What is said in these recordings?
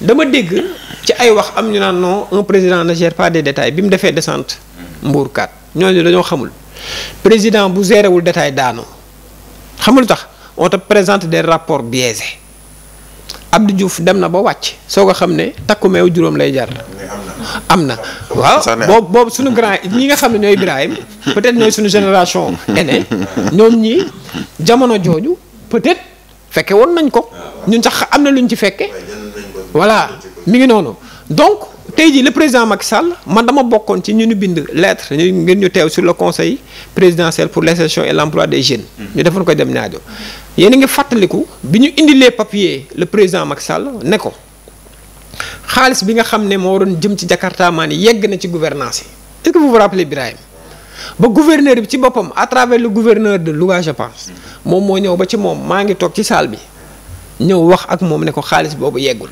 dama dégg ci ay wax am ñu naan non un président ne gère pas des détails bi mu defee descente mbuurkat ñooñu dañoo xamul président bu gérewul détail daanu xamul tax on te présente des rapports biaisés Abdou Diouf dem na ba wàcc soo ko xam ne takku juróom lay jar. am na waaw boobu boobu suñu grand ñi nga xam ne ñooy Ibrahima peut-être ñooy suñu génération aînée ñoom ñi jamono jooju peut-être fekke woon nañ ko ñun sax am na luñ ci fekke voilà mi ngi noonu donc tey jii le président Macky Sall man dama bokkoon ci ñu nu bind lettre ñu ngeen ñu teew sur le conseil présidentiel pour l'insertion et l'emploi des jeunes. ñu defoon ko dem ñaajo yéen a ngi fàttaliku bi ñu indilee papier le président Macky Sall ne ko xaalis bi nga xam ne moo waroon jëm ci Jakarta maa yegg na ci gouvernance yi est-ce que vous vous Birahim ba gouverneur bi ci boppam à travers le gouverneur de Louga je pense moom moo ñëw ba ci moom maa ngi toog ci salle bi ñëw wax ak moom ne ko xaalis boobu yeggul.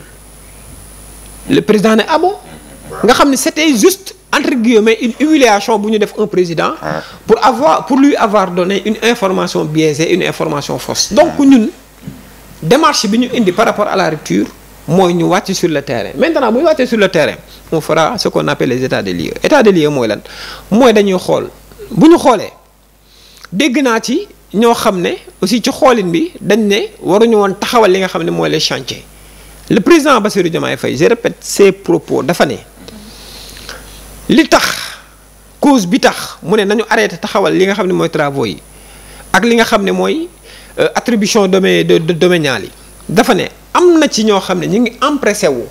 le président ne abo ah nga xam ne c'était juste entre guillemets une humiliation bu ñu def un président ah. pour avoir pour lui avoir donné une information biaisée une information fausse donc ñun démarche bi ñu indi par rapport à la rupture mooy ñu wàcc sur le terrain maintenant bu ñu wàccee sur le terrain on fera ce qu'on appelle les états des lieux état des lieux mooy lan mooy dañuy xool bu ñu xoolee dégg naa ci ñoo xam ne aussi ci xoolin bi dañ ne waruñu woon taxawal li nga xam ne mooy les chantiers le président Bassirou Diomaye Faye je répète ses propos dafa ne li tax cause bi tax mu ne nañu arrêté taxawal li nga xam ne mooy travaux yi ak li nga xam ne mooy euh, attribution domaine de domaniale li dafa ne am na ci ñoo xam ne ñu ngi empressé wu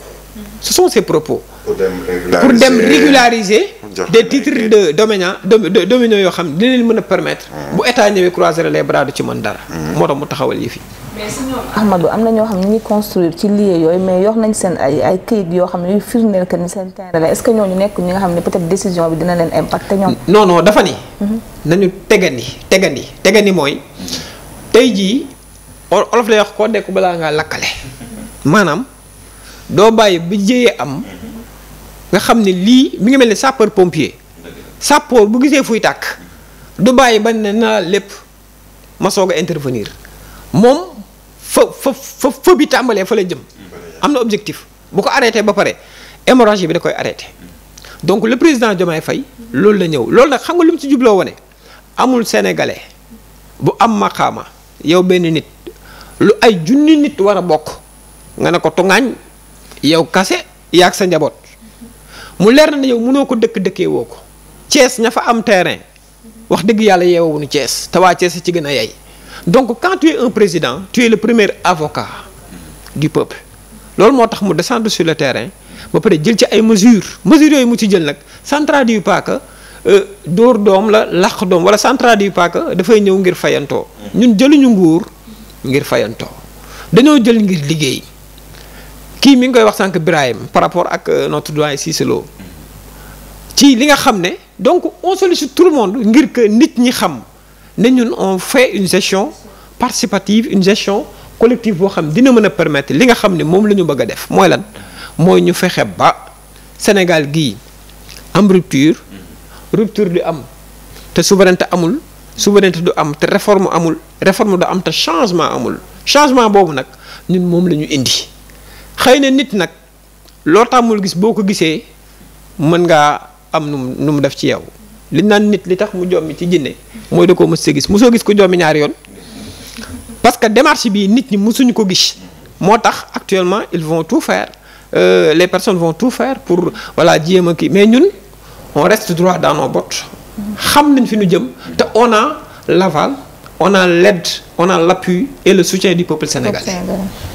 ce sont ses propos pour dem régulariser des titres de domaine de domaine yoo xam ne di leen mën a permettre mm. bu état ñëwee croiser les bras ci mën dara mm. moo tax mu taxawal yi fi Ahmadou am na ñoo xam ne ñu ngi construire ci lieu yooyu mais yor nañ seen ay ay këyit yoo xam ne yuy firndeel que ni seen terrain la est-ce que ñooñu nekk ñi nga xam ne peut-être décision bi dina leen impacté ñoom. non non dafa ni. Mhm. nañu tegani tegani mooy tey jii olof lay wax koo dekk balaa ngaa lakkale. maanaam doo bàyyi bi jëyee am nga xam ne lii mi ngi mel ne sapeur pompier sapeur bu gisee fuy tàkk du bàyyi ba ne naa lépp ma soog a intervenir. moom fa fa fa fa bi tàmbalee fa la jëm. am na objectif bu ko arrêté ba pare hémorragie bi da koy arrêté. donc le président Diomaye fay loolu la ñëw loolu nag xam nga lu mu ci jubloo wone amul sénégalais bu am maqaama yow benn nit lu ay junni nit war a bokk nga ne ko tungaañ yow kase yaag sa njaboot mu leer na ne yow mënoo ko dëkk dëkkee woo ko Thiès ña fa am terrain wax dëgg yàlla yeewawuñu cees te waa Thiès ci gën a yey donc quand tu es un président tu es le premier avocat du peuple loolu moo tax mu descendre sur le terrain ba pare jël ci ay mesures mesures yooyu mu ci jël nag ça ne traduit euh, door doom la làq doom wala ça ne traduit dafay ñëw ngir fayantoo ñun jëluñu nguur ngir fayantoo dañoo jël ngir liggéey kii mi ngi koy wax sànq Birahim par rapport ak euh, notre doyen Cissé Lo ci li nga xam ne donc on sollicite tout le monde ngir que nit ñi xam ne ñun on fait une gestion participative une gestion collective boo xam dina mën a permettre li nga xam ne moom lañu bëgga def mooy lan mooy ñu fexe ba Sénégal gii am rupture rupture du am te souveraineté amul souveraineté du am te réforme amul réforme du am te changement amul changement boobu nag ñun moom la ñu indi xëy na nit nag loo tàmmul gis boo ko gisee mën ngaa am nu mu nu mu def ci yow li naan nit li tax mu jommi ci jinne mooy de koo mës a gis mosoo gis ko jommi ñaari yoon parce que démarche bi nit ñi mësuñu ko gis moo tax actuellement ils vont tout faire euh, les personnes vont tout fair pour voilà jéem a kii mais ñun on reste droit dans nos xam nañ fi ñu jëm te on l'aval on a l'aide on a l'appui et le soutien du peuple sénégalais.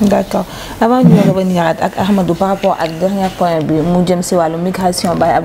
d'accord avant ñu revenir ak Ahmadou par rapport ak dernier point bi mu jëm ci wàllu migration bay